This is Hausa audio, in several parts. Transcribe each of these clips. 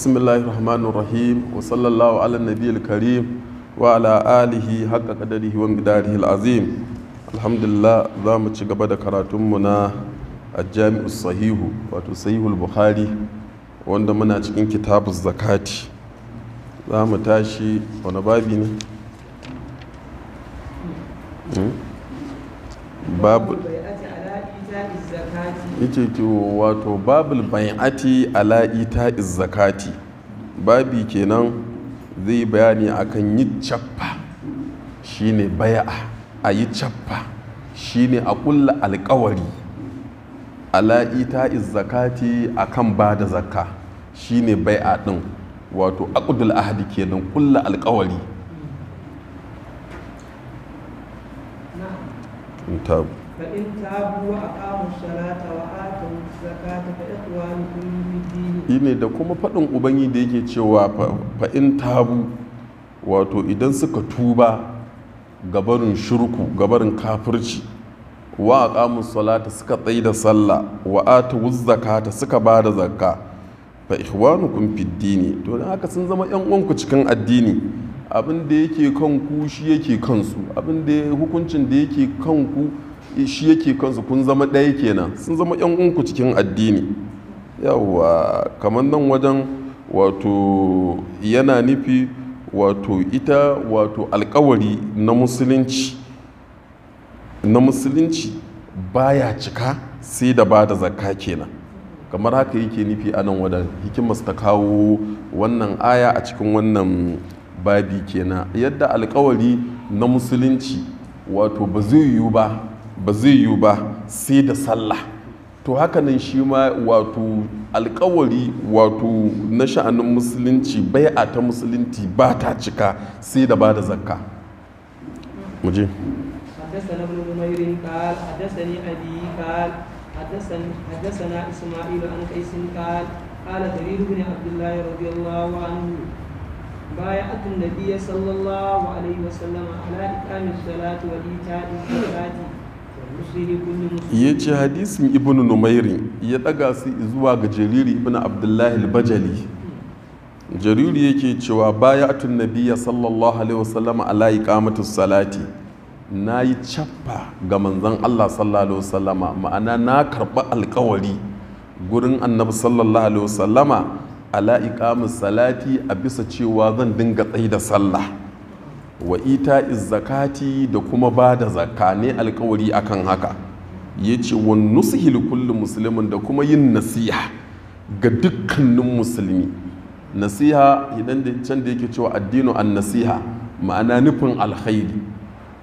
Bismillahi rahmanir rahim wa sallallahu ala al karim wa ala alihi haqqa da, wa miqdarihi alazim alhamdulillah za mu ci gaba da karatunmu na ajami'us sahihu wato sahihul Buhari, wanda muna cikin kitabuz zakati za mu tashi wani babi ne hmm? babu yace to wato babul bai'ati ala ita zakati babi kenan zai bayani akan yi chappa shine bay'a a yi cappa shine a kulla alkawari ala ita zakati akan ba da zakka shine bay'a din wato aqdul ahdi kenan kulla alkawari hmm. فإن تابوا وأقاموا الصلاة وآتوا الزكاة فإخوانكم في الدين ne da kuma faɗin ubangi da yake cewa fa'in tabu wato idan suka tuba gabarin shirku gabarin kafirci wa aqamu salata suka tsai da sallah wa atu zakata suka ba da zakka fa ihwanukum fid dini to dan haka sun zama yan uwanku cikin addini abin da yake kan ku shi yake kansu abin da hukuncin da yake kan ku Eh, shi yake kansu kun zama ɗaya kenan sun zama yan unku cikin addini yawa kamar nan wajen wato yana nufi wato ita wato alkawari na musulunci na musulunci baya cika sai da ba da zakka kenan kamar haka yake nufi a nan wajen hikimas ta kawo wannan aya a cikin wannan babi kenan yadda alkawari na musulunci wato ba zai yiwu ba ba zai yiwu ba sai da sallah to hakanan shi ma wato alkawari wato na sha'anin musulunci a ta musulunci ba ta cika sai da ba da zakka muje حدثنا ابن نمير قال حدثني ابي قال حدثنا اسماعيل عن قيس قال قال جرير بن عبد الله رضي الله عنه بايعت النبي صلى الله عليه وسلم على اقام الصلاه وايتاء الزكاه ya ce hadisin ibn numairi ya daga su zuwa ga jariri ibn abdullahi bajali jariri yake cewa baya atun nabiya sallallahu alaihi wasallam ala iqamatu salati na yi cappa ga manzon Allah sallallahu alaihi wasallama ma'ana na karba alkawari gurin annabi sallallahu alaihi wasallama ala iqamus salati a bisa cewa zan dinga da sallah wa ita zakati da kuma ba da zakka ne alkawari akan haka ya ce wa nusihil kullum musulmin da kuma yin nasiha ga dukkanin musulmi nasiha idan da can da yake cewa addinu an nasiha ma'ana nufin alkhairi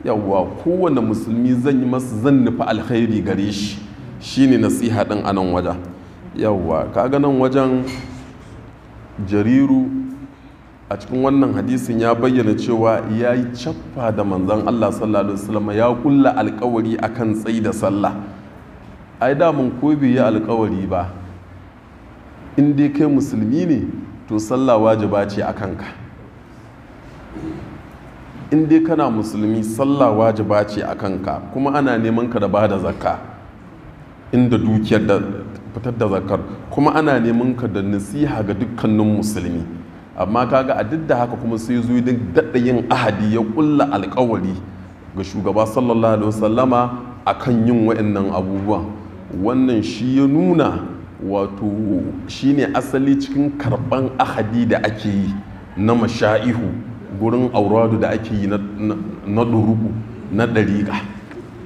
yawwa kowane musulmi zan yi masa zan nufi alkhairi gare shi shine nasiha ɗin a nan wajen yawwa kaga nan wajen jariru a cikin wannan hadisin ya bayyana cewa ya yi caffa da manzan Allah sallallahu alaihi wasallam ya kulla alkawari akan tsayi da sallah ai da ko bai yi alkawari ba in dai kai musulmi ne to sallah wajiba ce a kanka in dai kana musulmi sallah wajiba ce a kanka kuma ana neman ka da ba da zakka inda dukiyar da fitar da zakkar kuma ana neman ka da nasiha ga dukkanin musulmi amma kaga a duk da haka kuma sai zo din daɗa yin ahadi ya ƙulla alƙawari ga shugaba sallallahu alaihi wasallama kan yin wa'annan abubuwan wannan shi ya nuna wato shine asali cikin karɓan ahadi da ake yi na masha'ihu gurin auradu da ake yi na ɗuruku na ɗariƙa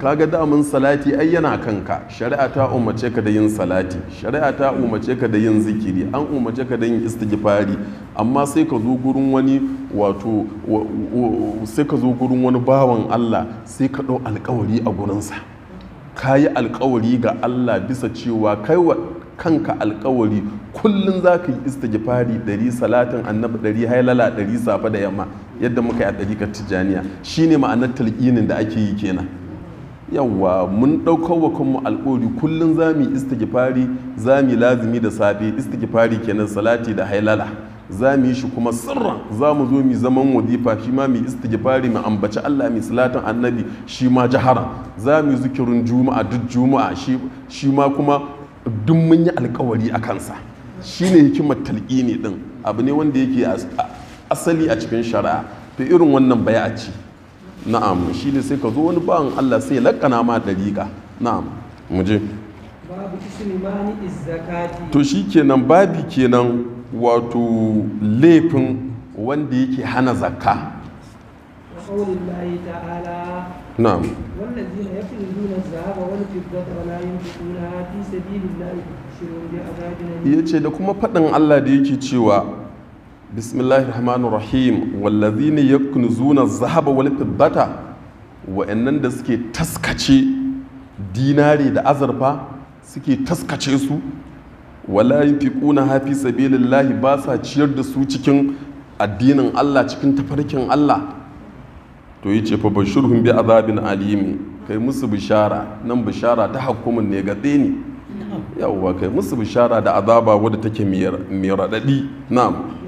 kaga damun salati ai yana kanka shari'a ta umarce ka da yin salati shari'a ta umarce ka da yin zikiri an umarce ka da yin istighfari amma sai ka zo gurin wani wato sai ka zo gurin wani bawan Allah sai ka ɗau alkawari a gurinsa ka yi alkawari ga Allah bisa cewa kai wa kanka alkawari kullum za ka yi istighfari dari salatin annabi dari hailala dari safa da yamma yadda muka yi a dariƙar tijjaniya shine ma'anar talƙinin da ake yi kenan yawwa mun ɗaukar wa kanmu alƙori kullum za mu yi istighfari za mu yi lazimi da safe istighfari kenan salati da hailala za mu yi shi kuma sirran za mu zo mu zaman wazifa shi ma mu yi istighfari mu ambaci Allah mu salatin annabi shi ma jahara za mu yi zikirin juma'a duk juma'a shi ma kuma duk mun yi alƙawari a kansa shine hikimar ne din abu ne wanda yake asali a cikin shari'a to irin wannan a ci. na'am shi ne sai ka zo wani bawan Allah sai lakana ma dariƙa na'am mu je babu izzakati to shi kenan babi kenan wato laifin wanda yake hana zakka na'am والذين da kuma faɗin Allah da yake cewa بسم الله الرحمن الرحيم والذين يكنزون الذهب والفضة wa'annan da suke taskace dinari da azurfa suke taskace su wala yunfiquna hafi sabilillahi ba sa ciyar da su cikin addinin Allah cikin tafarkin Allah to yace fa bashirhum bi azabin alimi kai musu bishara nan bishara ta hukumin ne ga ne yawwa kai musu bishara da azaba wadda take mai raɗaɗi na'am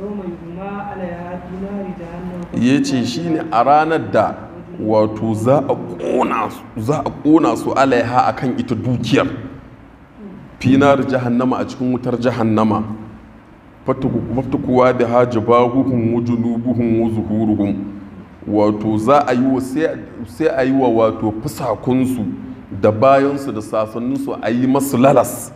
ya ce shi ne a ranar da wato za a ƙona su alaiha a kan ita dukiyar finar jahannama a cikin wutar jahannama fatakuwa da haji baguhun wujunubuhun wuzuhuruhun wato za a yi sai a yi wa wato fusakunsu da bayansu da sasanninsu a yi masu lalas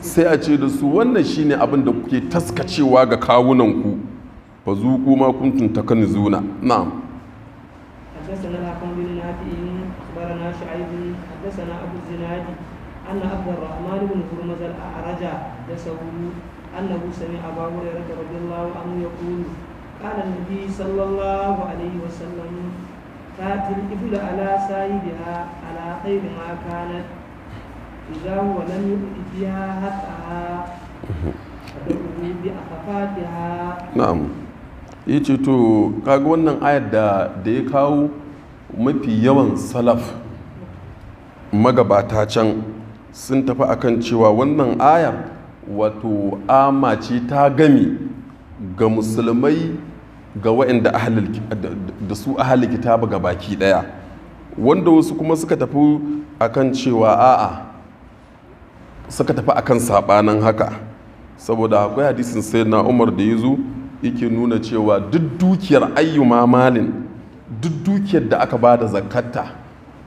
sai a ce da su wannan shine abin da kuke taskacewa ga kawunanku fa zuku ma kuntum zuna na'am حدثنا الحكم بن نافع اخبرنا شعيب حدثنا ابو الزناد ان عبد الرحمن بن هرمز الاعرج انه سمع ابا هريره رضي الله عنه يقول قال النبي صلى الله عليه وسلم فات الابل على على خير ما كانت na'am yace to kaga wannan ayar da da ya kawo mafi yawan salaf magabata can sun tafi akan cewa wannan ayar wato ama ce ta gami ga musulmai ga waɗanda da su ahalikita kitaba ga baki ɗaya wanda wasu kuma suka tafi akan cewa a'a suka tafi akan sabanin haka saboda akwai hadisin sai na umar da ya zo yake nuna cewa duk dukiyar ayyuma malin duk dukiyar da aka ba da zakatta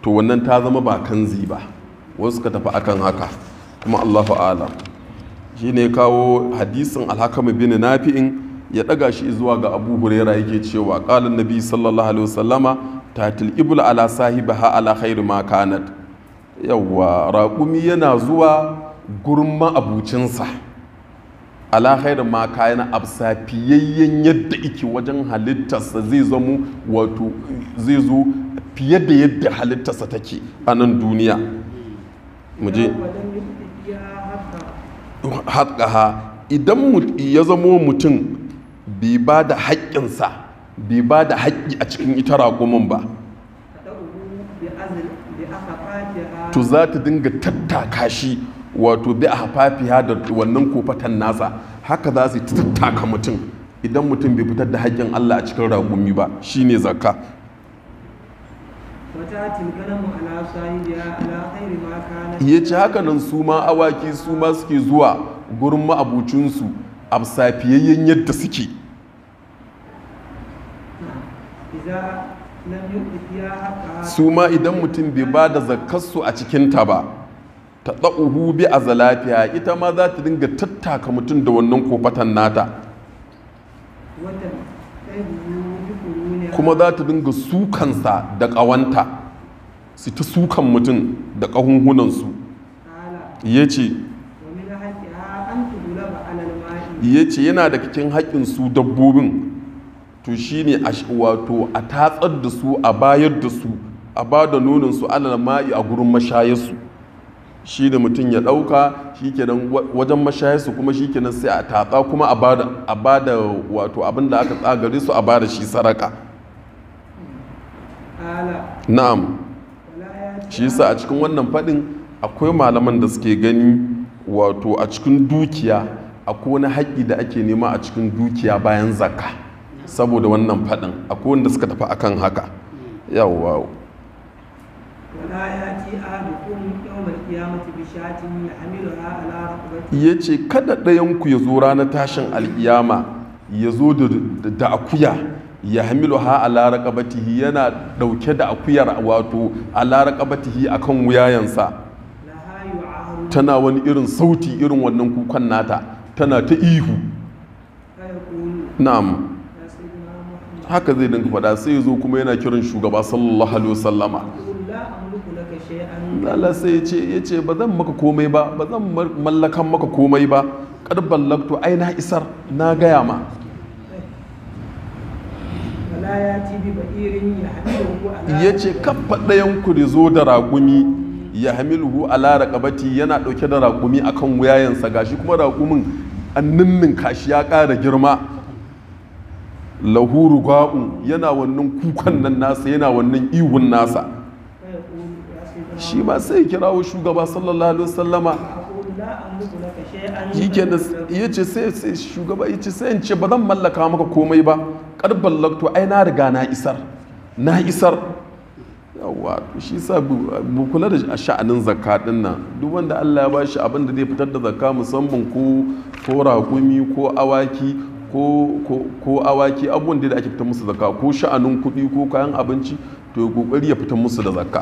to wannan ta zama ba kanzi ba wasu suka tafi akan haka kuma allah fa'ala shi ne kawo hadisin alhakamu bin nafi'in ya daga shi zuwa ga abu huraira yake cewa kalin nabi sallallahu alaihi wasallama tatil ibul ala sahibaha ala khairu ma kanat yawwa raƙumi yana zuwa gurin ma'abucinsa ala da ma kayan absa fiyayyen yadda iki wajen halittarsa zai zamo wato zai zo fiye da yadda halittarsa take a nan duniya muje haƙaha idan ya zamo mutum bai ba da haƙƙinsa bai ba da haƙƙi a cikin ita raƙumin ba to za ta dinga tattaka shi wato bi a hafafiya da wannan kofatan nasa haka za su tattaka mutum idan mutum bai fitar da haƙƙin Allah a cikin ragumi ba shine zakka ya ce haka nan su ma awaki su ma suke zuwa gurin ma'abucinsu a safiyayyen yadda suke su ma idan mutum bai ba da zakkarsu a cikinta ba ta tsa'uhu bi a zalafiya ita ma za ta dinga tattaka mutum da wannan kofatan nata kuma za ta dinga sukansa da ƙawanta su ta sukan mutum da ƙahunhunansu ya ce ya ce yana da cikin haƙƙin su dabbobin to shine wato a tatsar da su a bayar da su a ba da su alal ma'i a gurin mashayarsu shi da mutum ya ɗauka shi kenan wajen mashayarsu kuma shi kenan sai a tatsa kuma a bada wato abin da aka tsagare su a bada shi saraka na'am shi sa a cikin wannan faɗin akwai malaman da suke gani wato a cikin dukiya akwai wani haƙƙi da ake nema a cikin dukiya bayan zakka saboda wannan faɗin akwai wanda suka tafi akan haka yawwa yace kada ɗayanku ku ya zo ranar tashin alkiyama ya zo da akuya ya hamilu ha a larakabatihi yana dauke da akuyar wato a larakabatihi a kan wuyayensa tana wani irin sauti irin wannan kukan nata tana ta ihu na'am haka zai dinka fada sai ya zo kuma yana kiran shugaba sallallahu alaihi wasallama Allah sai ya ce ba zan maka komai ba ba zan mallakan maka komai ba karban lakto ai na isar na gaya ma ya ce kafa ɗayanku da zo da raƙumi ya hamilu ala raƙabati yana ɗauke da raƙumi akan wuyayensa gashi kuma raƙumin an kashi ya ƙara girma lahuru ga'un yana wannan kukan nan nasa yana wannan ihun nasa shi ma sai kirawo shugaba sallallahu alaihi wasallama ke da ya ce sai shugaba ya ce sai in ce ba zan mallaka maka komai ba karban lakto ai na riga na isar na isar yawa shi sa mu kula da sha'anin zakka din nan duk wanda Allah ya ba shi abin da zai fitar da zakka musamman ko ko rakumi ko awaki ko awaki abubuwan da ake fitar musu zakka ko sha'anin kuɗi ko kayan abinci to ya kokari ya fitar musu da zakka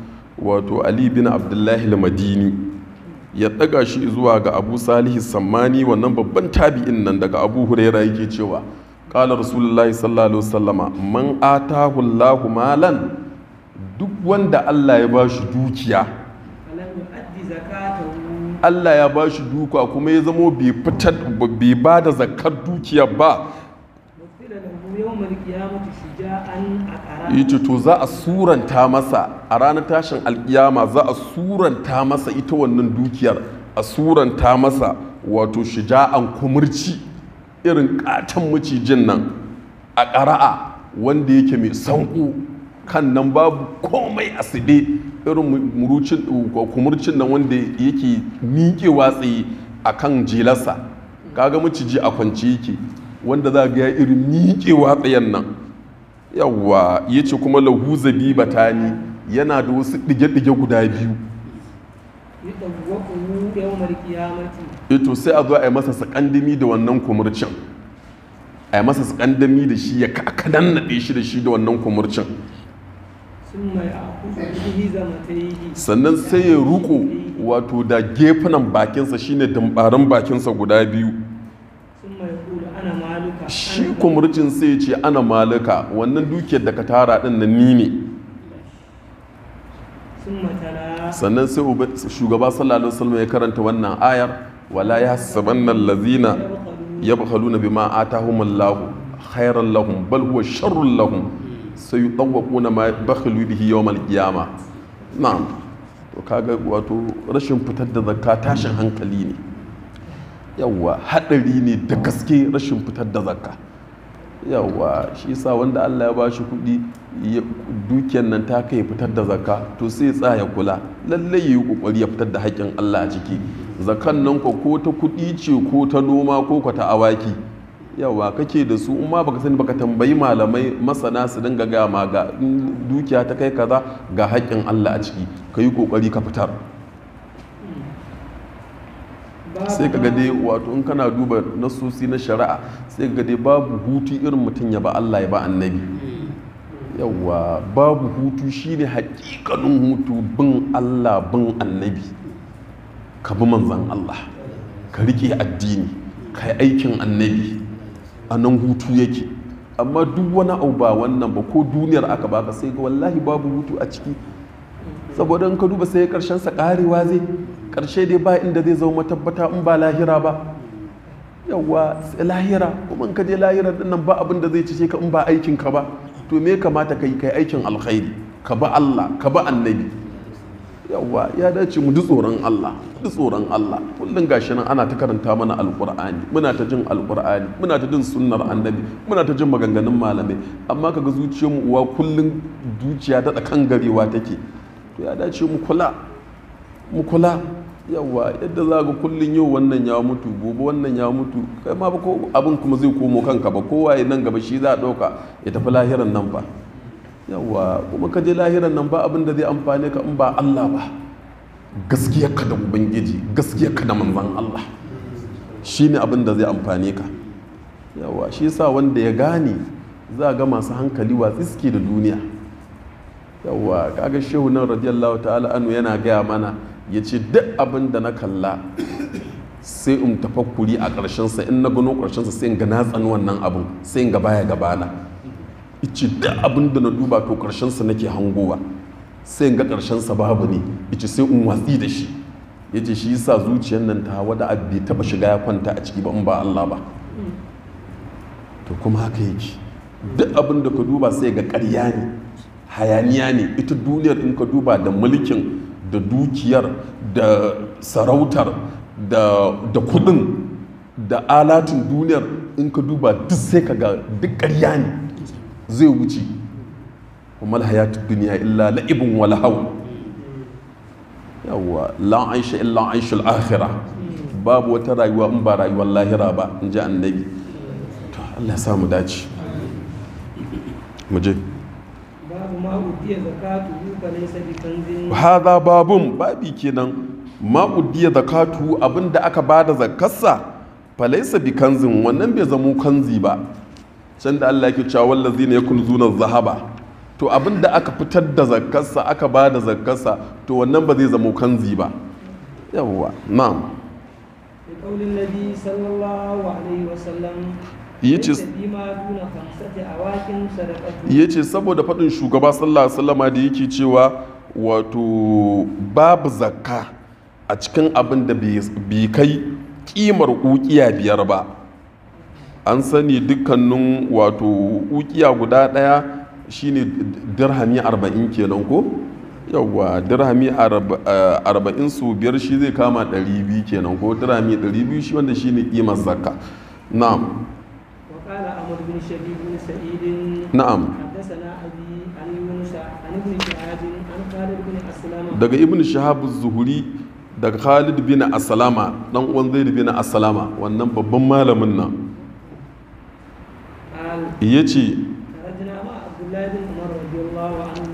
wato ali bin abdullahi lamadini madini ya ɗaga shi zuwa ga abu salihu sammani wannan babban tabi'in nan daga abu huraira yake cewa kala rasulullahi sallallahu alaihi wasallama man atahu allahu malan duk wanda allah ya ba shi dukiya allah ya ba shi duka kuma ya zamo bai ba da zakar dukiya ba yace to za a suranta masa a ranar tashin alkiyama za a suranta masa ita wannan dukiyar a suranta masa wato shija'an kumurci irin katon macijin nan a ƙara'a wanda yake mai sanko kan nan babu komai a side irin kumurcin nan wanda yake miƙewa tsaye a kan kaga maciji a kwance yake wanda za ga ya irin miƙewa tsayen nan yawwa ya ce kuma lahu zabiba ta ni yana da wasu ɗige-ɗige guda biyu ito eh sai a zo a yi masa sakandami da wannan kumurcin a yi masa sakandami da shi ya kakadan naɗe shi da shi da wannan kumurcin sannan sai ya ruko wato da gefunan bakinsa shine dambaran bakinsa guda biyu shi kumurcin sai ce ana malaka wannan dukiyar da ka tara din na ni ne sannan sai shugaba sallallahu alaihi wasallam ya karanta wannan ayar wala ya sabanna allazina yabkhaluna bima atahumullahu khairan lahum bal huwa sharrun lahum sayutawwaquna ma bakhalu bihi yawmal qiyamah na'am to kaga wato rashin fitar da zakka tashin hankali ne yawwa haɗari ne da gaske rashin fitar da zakka yawwa shi sa wanda allah ya bashi kuɗi dukiyar nan ta kai fitar da zakka to sai ya kula lallai yi kokari ya fitar da haƙƙin allah a ciki zakan nan ko ta kuɗi ce ko ta noma ko ko ta awaki yawa kake da su umma baka sani baka tambayi malamai masana su dinga gama ga dukiya ta kai kaza ga haƙƙin Allah a ciki ka yi ƙoƙari ka fitar sai ka gade wato in kana duba nasusi na shari'a sai ka gade babu hutu irin mutum ya ba Allah ya ba annabi yawwa babu hutu shine hakikanin hutu bin Allah bin annabi ka bi manzan Allah ka rike addini ka yi aikin annabi a nan hutu yake amma duk wani abu ba wannan ba ko duniyar aka baka sai ga wallahi babu hutu a ciki saboda in ka duba sai karshen sa karewa zai karshe dai ba inda zai zama tabbata in ba lahira ba yawa lahira kuma in ka je lahira din nan ba abin da zai cece ka in ba aikin ka ba to me kamata kai kai aikin alkhairi ka ba Allah ka ba annabi yawa ya dace mu ji tsoron Allah ji tsoron Allah kullum gashi nan ana ta karanta mana alqur'ani muna ta jin alqur'ani muna ta jin sunnar annabi muna ta jin maganganun malamai amma kaga zuciyar mu uwa kullun zuciya ta kan garewa take to ya dace mu kula mu kula yawa yadda za ga kullun yau wannan ya mutu gobe wannan ya mutu kai ma ko abin kuma zai komo kanka ba kowa ya nan gaba shi za a ɗauka ya tafi lahiran nan ba yawa kuma ka je lahiran nan ba abin da zai amfane ka in ba Allah ba gaskiya ka da ubangiji gaskiya ka da manzon Allah shine abin da zai amfane ka yawa shi yasa wanda ya gane za ga masu hankali wa tsiske da duniya yawwa kaga shehu nan radiyallahu ta'ala anu yana gaya mana ya ce duk abin da na kalla sai in tafakkuri a ƙarshensa in na gano ƙarshensa sai in ga na wannan abin sai in ga baya gabana ice duk abin da na duba to ƙarshensa nake hangowa sai in ga ƙarshensa babu ne ice sai in watsi da shi ya ce shi yasa zuciyar nan ta wada bai taɓa shiga ya kwanta a ciki ba in ba Allah ba to kuma haka yake duk abin da ka duba sai ga ƙarya ne hayaniya ne ita duniyar in ka duba da mulkin da dukiyar da sarautar da, kudin da alatin duniyar in ka duba duk sai ka ga duk ƙarya ne zai wuce kuma hayatun duniya illa la'ibin wal yawwa la aisha illa aisha al babu wata rayuwa in ba rayuwar lahira ba in ji annabi to Allah ya samu dace mu je hada babun babi kenan ma uddiya zakatu abinda aka bada zakarsa falaisa bi kanzin wannan bai zamo kanzi ba can da Allah yake cewa wallazina yakunzuna zahaba to abinda aka fitar da zakarsa aka bada zakarsa to wannan ba zai zamo kanzi ba yawwa na'am ya ce saboda faɗin shugaba sallallahu alaihi wasallama da yake cewa wato babu zakka a cikin abin da bai kai kimar ukiya biyar ba an sani dukkanin wato ukiya guda ɗaya shine dirhami arba'in kenan ko yawwa dirhami eh, arba'in su biyar shi zai kama ɗari biyu kenan ko dirhami ɗari biyu shi wanda shine kimar zakka na'am بن شبيب بن سعيد نعم daga Khalid bin Asalama dan uwan Zaid bin Asalama wannan babban malamin nan yace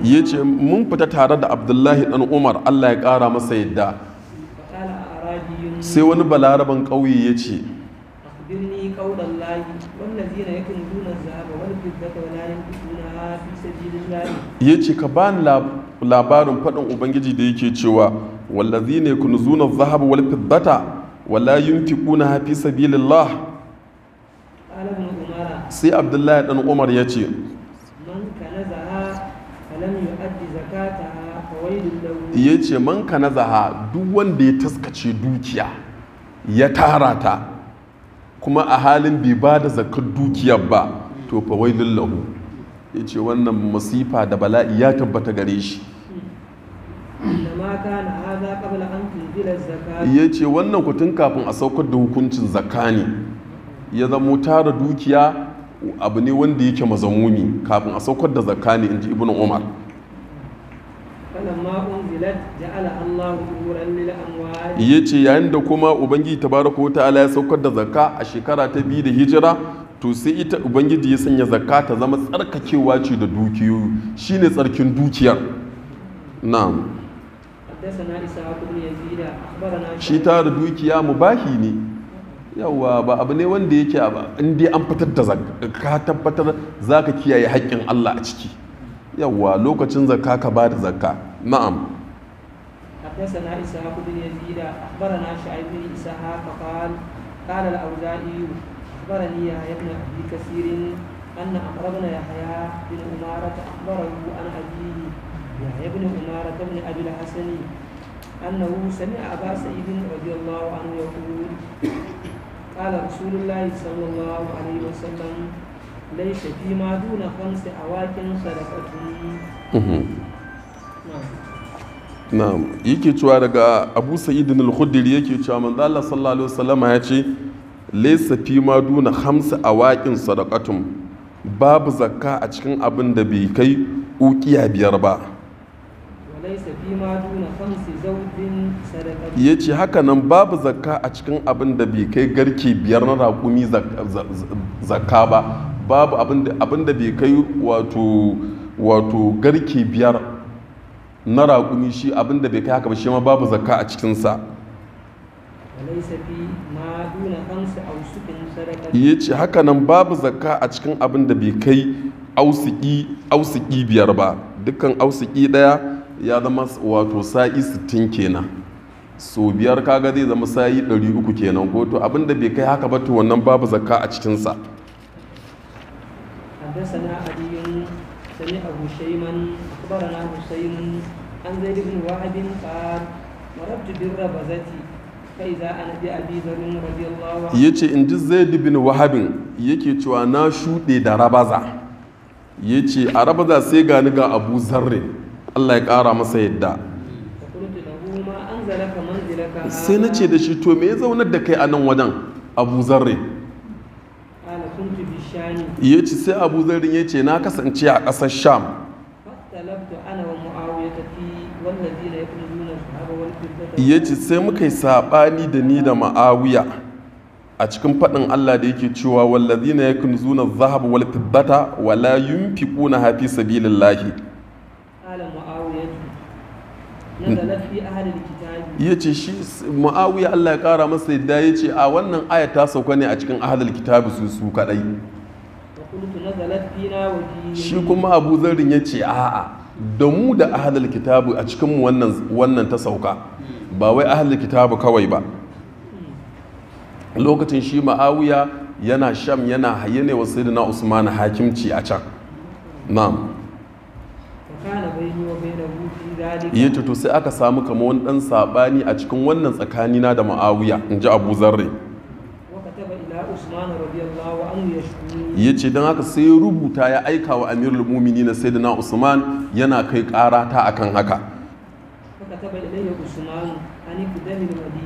ya ce mun fita tare da abdullahi dan umar allah ya kara masa yadda sai wani balaraban ƙauye ya ce العلم قول الله والذين labarin faɗin ubangiji da yake cewa wallazi ne kunzuna zahab wal fiddata wala yunfiquna fi sabilillah sai abdullahi dan umar ya ce ya ce man kana zaha duk wanda ya taskace dukiya ya tara ta kuma a halin bai ba da zakar dukiyar ba to fa wai lahu ya ce wannan masifa da bala'i ya tabbata gare shi ya ce wannan kutun kafin a saukar da hukuncin zakani. ne ya zamo tara dukiya abu ne wanda yake mazamuni kafin a saukar da zakani ne in ji ibn umar yace yayin da kuma ubangiji ta tabaraka wata ala ya saukar da zaka a shekara ta biyu da hijira to sai ita ubangiji ya sanya zaka ta zama tsarkakewa ce da dukiyoyi shine tsarkin dukiyar na'am shi ta da dukiya mubahi ne yawa ba abu ne wanda yake ba in dai an fitar da zakka tabbatar zaka kiyaye haƙƙin Allah a ciki yawa lokacin zakka ka ba da zakka na'am حدثنا إسحاق بن يزيد أخبرنا شعيب بن إسحاق قال قال الأوزاعي أخبرني يحيى بن أبي كثير أن عمرو بن يحيى بن عمارة أخبره عن أبيه يحيى بن عمارة بن أبي الحسن أنه سمع أبا سعيد رضي الله عنه يقول قال رسول الله صلى الله عليه وسلم ليس فيما دون خمس أواكن صدقة na'am yake cewa daga abu sa'idin al-khudri yake cewa manzo Allah sallallahu alaihi wasallam ya ce laysa fi ma duna khamsa awaqin sadaqatum babu zakka a cikin abin da bai kai ukiya biyar ba ya ce haka nan babu zakka a cikin abin da bai kai garke biyar na raƙumi zakka ba babu abin da bai kai wato garke biyar na raƙumi shi abinda bai kai haka ba shi ma babu zakka a cikinsa ya ce haka nan babu zakka a cikin abin da bai kai ausiki biyar ba dukkan ausiki ɗaya ya zama wato sa'i sittin kenan so biyar kaga zai zama sa'i ɗari uku kenan ko to abin da bai kai haka ba to wannan babu zakka a cikinsa حدثنا علي سمعه شيمن أخبرنا حسين عن زيد بن وهب قال مررت بالربزتي ya ce in ji zaid bin wahabin yake cewa na shuɗe da rabaza ya ce a rabaza sai gani ga abu zarre allah ya ƙara masa yadda sai na ce da shi to me zaunar da kai a nan wajen abu zarre ya ce sai abu zarre ya ce na kasance a ƙasar sham ya ce sai muka yi saɓani da ni da ma'awiya a cikin faɗin Allah da yake cewa wallazi na yakin zuna zahab wal fiddata wala na hafi sabilillahi ya ce shi ma'awiya Allah ya ƙara masa yadda ya ce a wannan aya ta sauka ne a cikin ahalul kitabu su su kaɗai shi kuma abu zarin ya ce a'a da mu da ahalul kitabu a cikin wannan ta sauka ba wai ahalin kitabu kawai ba lokacin shi ma'awiya yana sham yana haye ne wasu usman hakimci a can na'am ya sai aka samu kama wani ɗan saɓani a cikin wannan tsakanina da ma'awiya in ji abu zarre ya ce don haka sai rubuta ya aika wa amirul mumini na sai usman yana kai ƙarata akan haka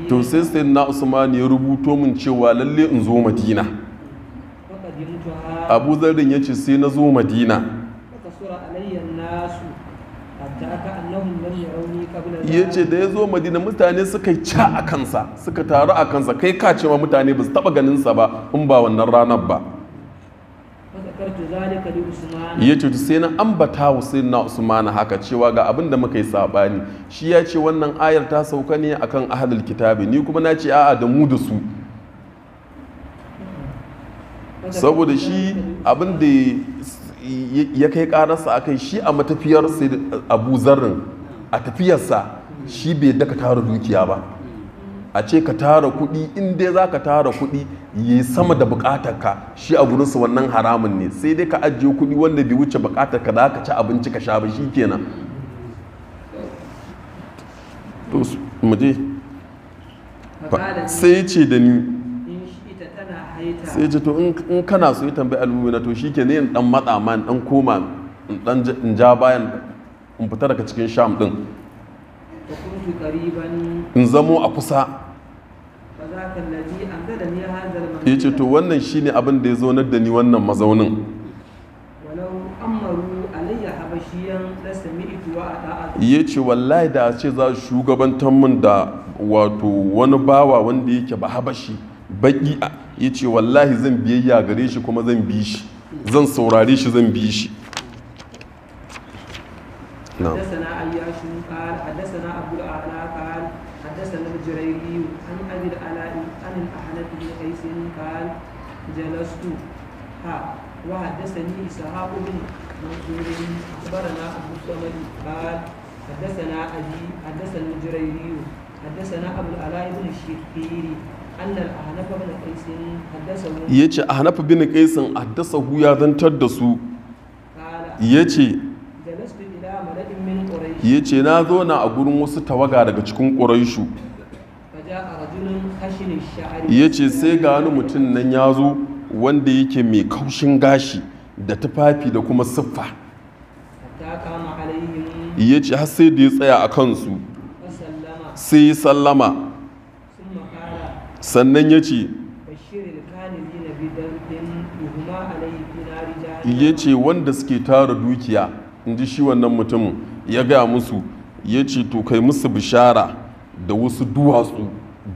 to sai sai na usman ya rubuto min cewa lalle in zo madina abu zarin ya ce sai na zo madina ya ce da ya zo madina mutane suka ca a kansa suka taru a kansa kai ka ce mutane ba su taba ganinsa ba in ba wannan ranar ba ya ce sai na ambata wa sai na usman haka cewa ga abin da muka yi sabani shi ya ce wannan ayar ta sauka ne akan ahlul kitabi ni kuma na ce a'a da mu da su saboda shi abin da ya kai kararsa kai shi a matafiyar sai abu zarrin a tafiyarsa shi bai daka tara dukiya ba a ce ka tara kuɗi in dai za ka tara kuɗi yi sama da bukatarka shi a gurinsa wannan haramun ne sai dai ka ajiye kuɗi wanda bai wuce bukatarka da ka ci abinci ka sha ba shi kenan sai ce da ni sai ce to in kana so yi tambayi na to shi ke ne dan matsa ma dan koma in ja bayan in fita daga cikin sham din in zamo a kusa ya ce to wannan shi ne abin da ya zaunar da ni wannan mazaunin ya ce wallahi da ce za su shugabantar mun da wato wani bawa wanda yake ba habashi baki ya ce wallahi zan biyayya gare shi kuma zan bi shi zan saurare shi zan bi shi na وحدثني إسحاق بن منصور أخبرنا أبو الصمد قال حدثنا أبي حدثنا الجريري حدثنا أبو العلاء بن الشقيري ya ce a hanafa bin kaisin haddasa hu ya zantar da su ya ce ya ce na zo na a gurin wasu tawaga daga cikin ƙuraishu ya ce sai ga wani mutum nan ya zo wanda yake mai kaushin gashi da tufafi da kuma siffa ya ce har sai da ya tsaya a kansu sai ya sallama sannan ya ce ya ce wanda suke tara dukiya in ji shi wannan mutumin ya gaya musu ya ce to kai musu bishara da wasu duwatsu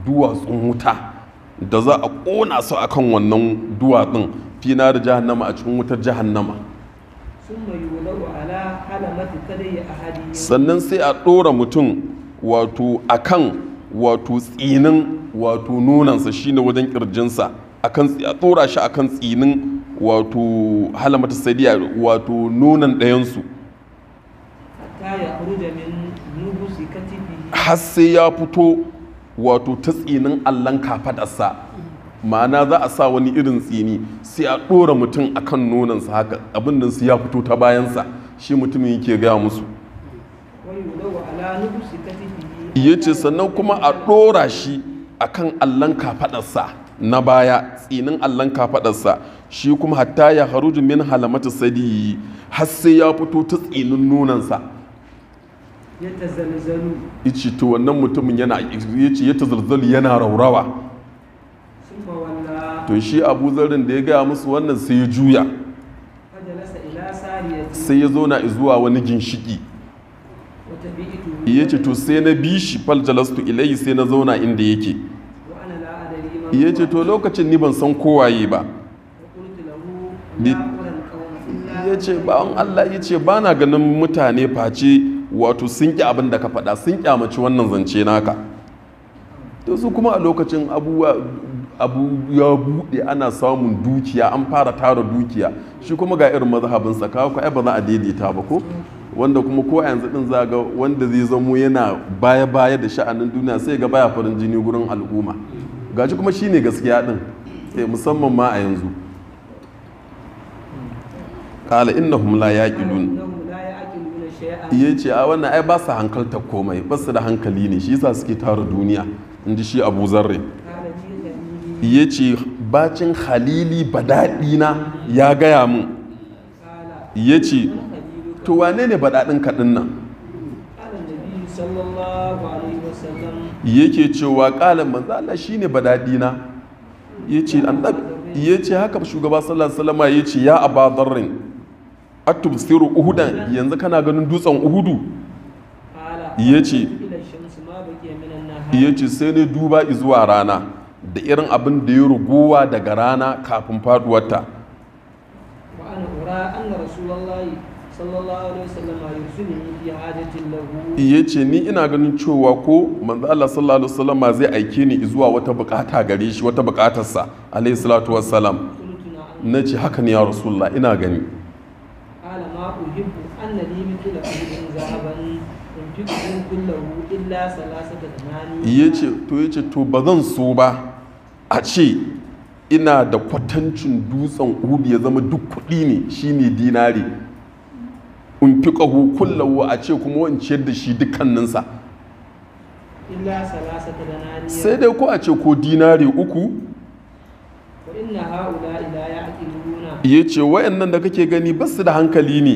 duwatsun wuta da za a ƙona su akan wannan duwatsun fina da jahannama a cikin wutar jahannama sannan sai a ɗora mutum wato a kan wato tsinin wato nunansa shine wajen ƙirjinsa a ɗora shi a kan tsinin wato halamata sadiya wato nunan ɗayansu har sai ya fito wato ta tsinin allon kafadarsa ma'ana za a sa wani irin tsini sai a ɗora mutum a kan nonansa haka abin da su ya fito ta bayansa shi mutumin yake gaya musu ya ce sannan kuma a ɗora shi a kan allon kafadarsa na baya tsinin allon kafadarsa shi kuma hatta ya haruji min halamata sadiyi har sai ya fito ta tsinin nonansa yace to wannan mutumin yana yace ya tazalzalu yana raurawa to shi abu zarin da ya gaya musu wannan sai ya juya sai ya zauna zuwa wani ginshiki ya ce to sai na bi shi fal jalastu ilayhi sai na zauna inda yake ya ce to lokacin ni ban san kowaye ba ya ce ba'an Allah ya ce ba na ganin mutane face wato sun ƙi abin da ka faɗa sun ƙyamaci wannan zance naka to su kuma a lokacin abubuwa abu ya buɗe ana samun dukiya an fara tara dukiya shi kuma ga irin mazhabinsa kawo ko ba za a daidaita ba ko wanda kuma ko a yanzu din zaga wanda zai zamo yana baya baya da sha'anin duniya sai ga baya farin jini gurin al'umma gashi kuma shine gaskiya din sai eh, musamman ma a yanzu qala innahum la yaqilun ya ce a wannan ai ba su hankalta komai ba su da hankali ne shi yasa suke tara duniya in ji shi abu zarre ya ce bacin halili ba daɗina ya gaya mun ya ce to wane ne ba daɗin kaɗin nan yake cewa ƙalin manzala shi ne ba daɗina. ya ce haka shugaba sallallahu alaihi wasallam ya ce ya abadarrin atum siru uhudan yanzu kana ganin dutsen uhudu ya ce ya ce sai ne duba zuwa rana da irin abin da ya ruguwa daga rana kafin faduwarta ya ce ni ina ganin cewa ko manzo Allah sallallahu alaihi wasallam zai aike ni zuwa wata bukata gare shi wata bukatarsa alaihi salatu wassalam na ce haka ne ya rasulullah ina gani ما أحب أن لي مثل أحد ذهبا yace to yace to ba zan so ba a ce ina da kwatancin dutsen Ubi ya zama duk kuɗi ne shi ne dinari in fi ƙahu kullawo a ce kuma wanciyar da shi dukkaninsa sai dai ko a ce ko dinari uku ya ce wayannan da kake gani ba su da hankali ne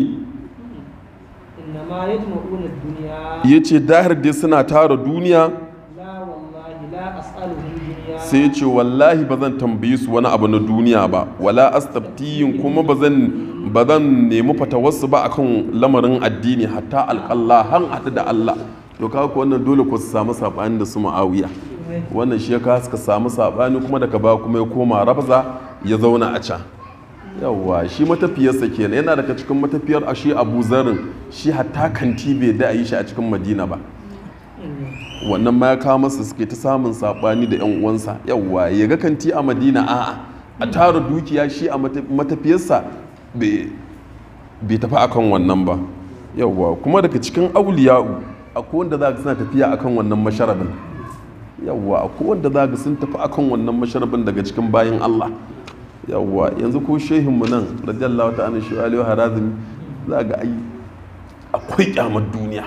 ya ce dahar dai suna tara duniya sai ce wallahi ba zan tambayi su wani abu na duniya ba wala astabtiyin kuma ba zan ba zan nemi fatawarsu ba akan lamarin addini hatta alƙalla har haɗu da Allah to kawo wannan dole ku samu saɓani da su ma'awiya wannan shi ya suka samu sabani kuma daga ba kuma ya koma rafza ya zauna a can yawwa shi matafiyarsa kenan yana daga cikin matafiyar a shi abu zarin shi hatta kanti bai da a yi shi a cikin madina ba wannan ma ya kawo masa suke ta samun saɓani da yan uwansa yawwa ya ga kanti a madina a a tara dukiya shi a matafiyarsa bai tafi akan wannan ba yawwa kuma daga cikin auliya'u akwai wanda za ka suna tafiya akan wannan masharabin yawa akwai wanda za ka sun tafi akan wannan masharabin daga cikin bayan allah yawwa yanzu ko mu nan radiyallahu ta'ala shi aliyu harazim za ga ai akwai kyamar duniya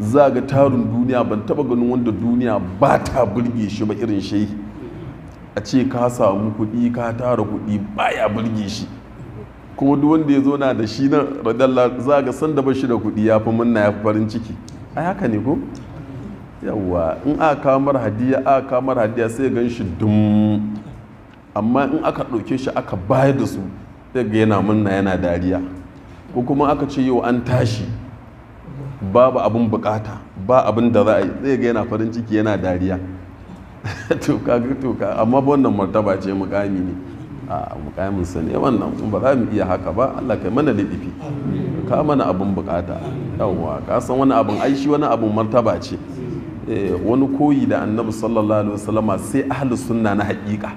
za ga tarin duniya ban taba ganin wanda duniya ba ta burge shi ba irin shehi a ce ka samu kuɗi ka tara kuɗi baya burge shi kuma duk wanda ya zo na da shi nan radiyallahu za ga san da ba shi da kuɗi ya fi munna ya fi farin ciki ai haka ne ko yawwa in aka kamar hadiya aka kamar hadiya sai gan shi dum amma in aka ɗauke shi aka bayar da su daga yana munna yana dariya ko kuma aka ce yau an tashi babu abin bukata ba abin da za a yi zai ga yana farin ciki yana dariya toka toka amma wannan martaba ce mukami ne a mukamin sa ne wannan ba za mu iya haka ba Allah kai mana lidifi ka mana abin bukata yawwa ka san wani abin ai shi wani abin martaba ce eh, wani koyi da annabi sallallahu alaihi wasallama sai ahli sunna na haƙiƙa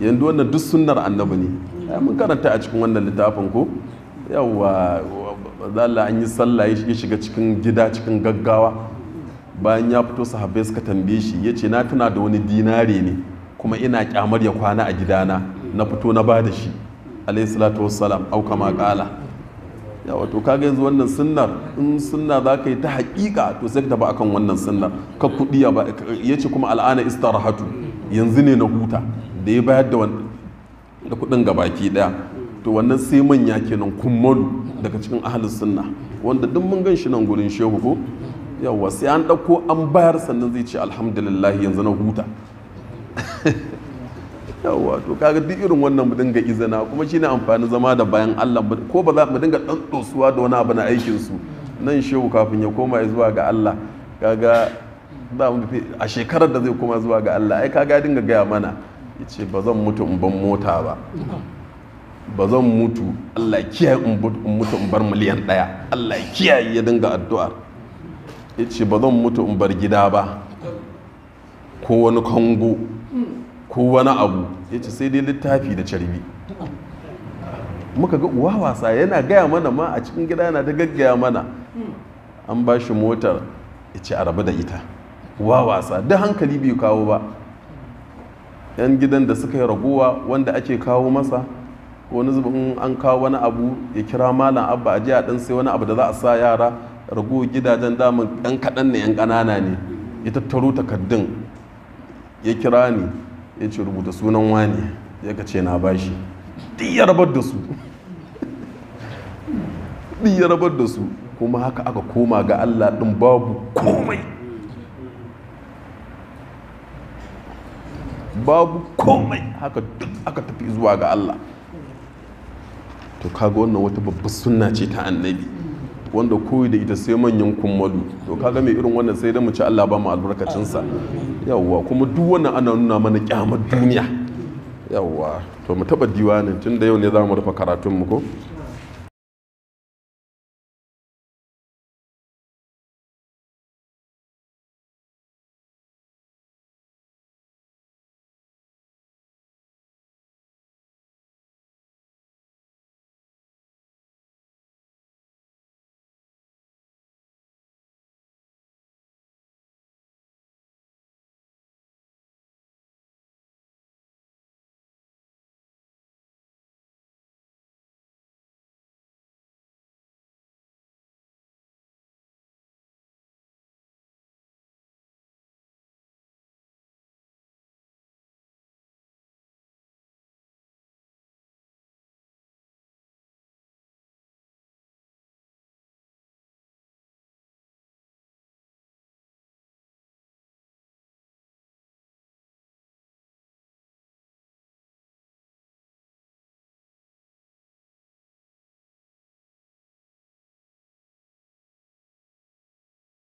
yanzu wannan duk sunnar annabi ne mun karanta a cikin wannan littafin ko yawa zalla an yi sallah ya shiga cikin gida cikin gaggawa bayan ya fito sahabbai suka tambaye shi ya ce na tuna da wani dinare ne kuma ina kyamar ya kwana a gidana na fito na ba da shi alayhi salatu wassalam au kama kala ya wato kaga yanzu wannan sunnar in sunna za ka yi ta haƙiƙa to sai ka tafi akan wannan sunnar ka kuɗi ya ce kuma al'ana istarahatu yanzu ne na huta da ya bayar da kudin baki daya to wannan sai manya kenan kummalu daga cikin ahalin sunna wanda duk mun gan shi nan gurin shehu ko yawa sai an ɗauko an bayar sannan zai ce alhamdulillah yanzu na huta yawa to kaga duk irin wannan mu dinga izina kuma shine amfani zama da bayan Allah ko ba za mu dinga dan dosuwa da wani abu na aikin su nan shehu kafin ya koma zuwa ga Allah kaga a shekarar da zai koma zuwa ga Allah ai kaga dinga gaya mana ya ce ba zan mutu in ban mota ba ba zan mutu allah kiyaye in mutu in bar miliyan daya allah kiyaye ya dinga addu'ar ya ce ba zan mutu in bar gida ba ko wani kango ko wani abu ya ce sai dai littafi da carbi muka ga uwa wasa yana gaya mana ma a cikin gida yana ta gaggaya mana an ba shi motar ya ce a rabu da ita uwa wasa duk hankali bai kawo ba 'yan gidan da suka yi raguwa wanda ake kawo masa wani in an kawo wani abu ya kira malam abba a ji a dan sai wani abu da za a sa yara ragu gidajen daman ɗan kaɗan ne 'yan ƙanana ne ya tattaro takardun ya kira ni ya ce rubuta sunan wani ya ka na bashi ɗin ya rabar da su ya rabar da su kuma haka aka koma ga allah ɗin babu komai babu komai haka duk aka tafi zuwa ga Allah to kaga wannan wata babbar sunna ce ta annabi wanda koyi da ita sai manyan kummalu to kaga mai irin wannan sai da mu ci Allah ba mu sa yawwa kuma duk wannan ana nuna mana kyamar duniya yawwa to mu taba diwanin tun da yau ne za mu rufe mu ko